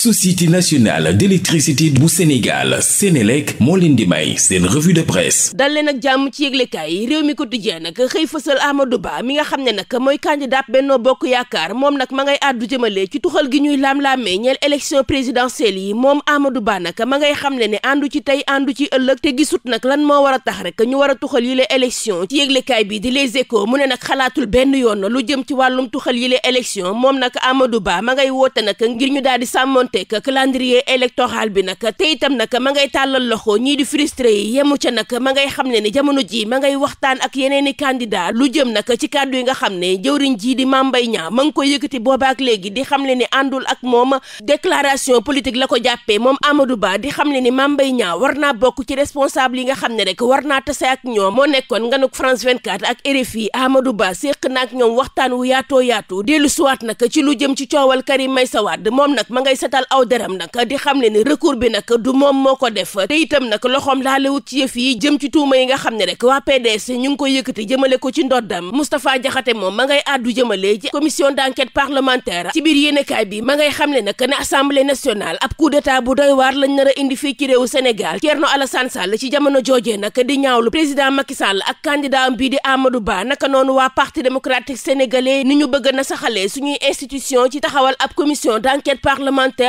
société nationale d'électricité bu Sénégal Sénélec moo leen di may seen revue de presse dal leen ak jàmm ci yëglekaay yi réew mi quotidien nag xëy fësal Amadou mi nga xam ne nag mooy candidat Benno Bokk Yaakaar moom nag ma ngay àddu jëmale ci tuxal gi ñuy laam-laamee ñeel élection présidentielle yi moom Amadou Ba nag ma ngay xam ne ne àndu ci tey àndu ci ëllëg te gisut nag lan moo war a tax rek ñu war a tuxal yile élection ci yëglekaay bi di Les Échos mu ne yoon lu jëm ci wàllum tuxal yile élection moom nag Amadou Ba ma sàmmonte ak calendrier bi nag tey itam nag ma ngay tàllal loxo ñii di frustré yi yemu ca nag ma ngay xam ne ni jamono ji ma ngay waxtaan ak yeneen i candidat lu jëm nag ci kàddu yi nga xam ne jëwriñ ji di Mame Mbaye Niang ma ngi ko yëkkati boobaak léegi di xam le ni àndul ak moom déclaration politique la ko jàppee moom Amadou Ba di xam le ni Mame Mbaye Niang war naa bokk ci responsable yi nga xam ne rek war naa tase ak ñoom nekkoon nga nag France 24 ak RFI Amadou Ba séq yaatoo yaatu dellu suwaat nag ci lu jëm ci coowal Karim Meïssa Wade moom nag ma ngay setal daganal aw deram nag di xam ne ni recours bi nag du moom moo ko def te itam nag loxoom laalewut ci yëf yi jëm ci tuuma yi nga xam ne rek waa PDS ñu ngi koy yëkkati jëmale ko ci ndoddam Moustapha Diakhaté moom ma ngay àddu jëmale ci commission d'enquête parlementaire ci biir yéenekaay bi ma ngay xam ne nag ne assemblée ab coup bu doy waar lañ nar a indi fii ci réewu Sénégal Thierno Alassane Sall ci jamono joojee nag di ñaawlu président Macky ak Ba naka noonu waa parti démocratique sénégalais ni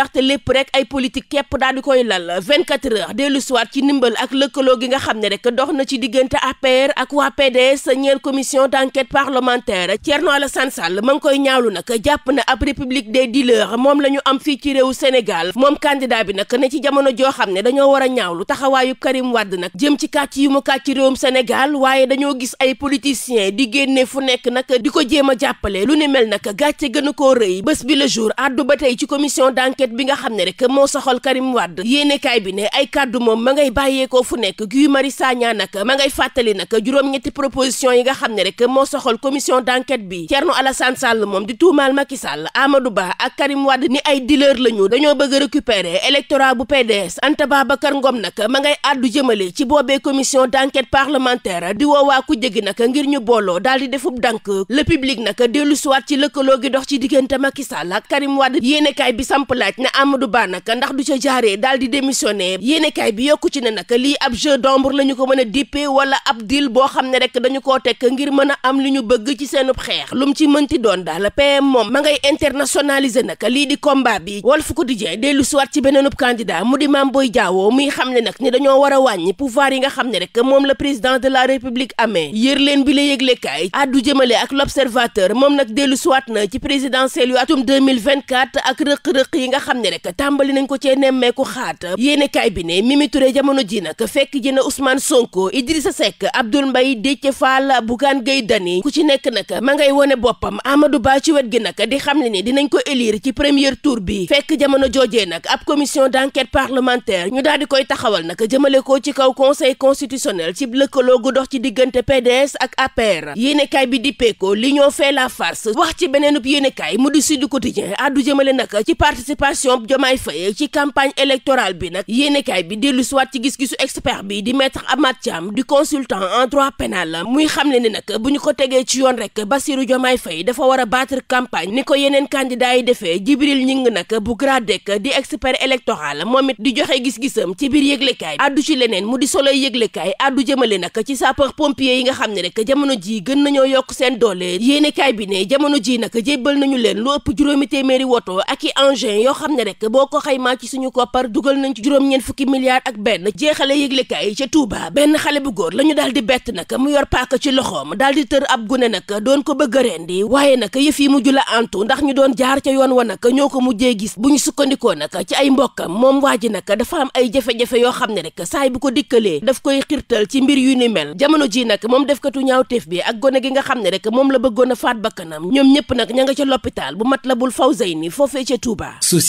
te lépp rek ay politique képp daal di koy lal 24 heures dellu soir ci ndimbal ak lëkkaloo gi nga xam ne rek dox na ci diggante APR ak waa PDS ñeel commission d' enquête parlementaire Thierno Alassane Sall ma ngi koy ñaawlu nag jàpp na ab république des dealers moom la ñu am fii ci réewu Sénégal moom candidat bi nag ne ci jamono joo xam ne dañoo war a ñaawlu taxawaayu Karim Wade nag jëm ci kàcc yu mu kàcc réewum Sénégal waaye dañoo gis ay politiciens di génne fu nekk nag di ko jéem a lu ni mel nag gàcce gën a koo rëy bés enquête bi nga xam ne rek moo soxal Karim Wade yéenekaay bi ne ay kàddu moom ma ngay bàyyeekoo fu nekk Guy Marius Sagna nag ma ngay fàttali nag juróom-ñetti proposition yi nga xam ne rek moo soxal commission d'enquête bi Thierno Alassane Sall moom di tuumaal Macky Sall Amadou Ba ak Karim Wade ni ay dealer lañu dañoo bëgg a récupérer électorat bu PDS Anta Babacar Ngom nag ma ngay àddu jëmale ci boobee commission d'enquête parlementaire di woowaa ku jëgi nag ngir ñu di defub dànk le public nag dellu siwaat ci lëkkaloo gi dox ci diggante Macky Sall ak Karim Wade bi samp ne Amadou Ba nag ndax du ca jaaree daal di démissionné yéenekaay bi yokku ci ne nag lii ab jeu d'ombre la ñu ko mën a dippe wala ab dil boo xam ne rek dañu koo tekk ngir mën a am li ñu bëgg ci seenub xeex lu mu ci mënti doon daal PM moom ma ngay internationaliser nag lii di combat bi Walf Quotidien dellu siwaat ci beneenub candidat mu di Mame Boye Diao muy xam ne nag ni dañoo war a wàññi pouvoir yi nga xam ne rek moom la président de la république amee yër leen bi la yëglekaay addu jëmale ak l'observateur moom nag dellu siwaat na ci présidentielle yu atum 2024 ak rëq-rëq yi nga xam ne rek tàmbali nañ ko cee nemmeeku xaat yéene kaay bi ne Mimi jamono ji nag fekk ji na Ousmane Sonko Idrissa Seck Abdoul Mbaye Déthié Fall Bougane Gueye Dany ku ci nekk nag ma ngay wone boppam amadu Ba ci wet gi nag di xam ne ni dinañ ko élire ci première tour bi fekk jamono joojee nag ab commission d'enquête parlementaire ñu daal di koy taxawal nag jëmale ko ci kaw conseil constitutionnel ci lëkkaloo gu dox ci diggante PDS ak APR yéenekaay bi di peeko li ñoo la farce wax ci beneenub yéenekaay mu di Sud Quotidien addu coalition Diomaye Faye ci campagne électorale bi nag yéenekaay bi dellu si ci gis-gisu expert bi di maître Amath Thiam di consultant en droit pénal muy xamle ni nag bu ñu ko tegee ci yoon rek Bassirou Diomaye Faye dafa war a battre campagne ni ko yeneen candidat yi defee Jibril Ñing nag bu GRADEC di expert électoral moom it di joxe gis-gisam ci biir yëglekaay addu ci leneen mu di solo yëglekaay addu jëmale nag ci sapeur pompier yi nga xam ne rek jamono ji gën nañoo yokk seen doole yéenekaay bi ne jamono ji nag jébbal nañu leen lu ëpp juróomi téeméeri woto ak i engin yoo xam ne rek boo ko xaymaa ci suñu koppar dugal nañ ci juróom-ñeent fukki milliards ak benn jeexale yëglekaay yi ca Touba benn xale bu góor la ñu daal di bett nag mu yor paaka ci loxoom daal di tër ab gune nag doon ko bëgg rendi waaye nag yëf yi mujj la antu ndax ñu doon jaar ca yoon wa nag ñoo ko mujjee gis bu ñu sukkandikoo nag ci ay mbokkam moom waa ji nag dafa am ay jafe-jafe yoo xam ne rek saay bu ko dikkalee daf koy xirtal ci mbir yu ni mel jamono ji nag moom defkatu ñaawteef bi ak gone gi nga xam ne rek moom la bëggoon a faat bakkanam ñoom ñëpp nag ña nga ca l'hôpital bu mat la bul faw zay ni foofee ca Touba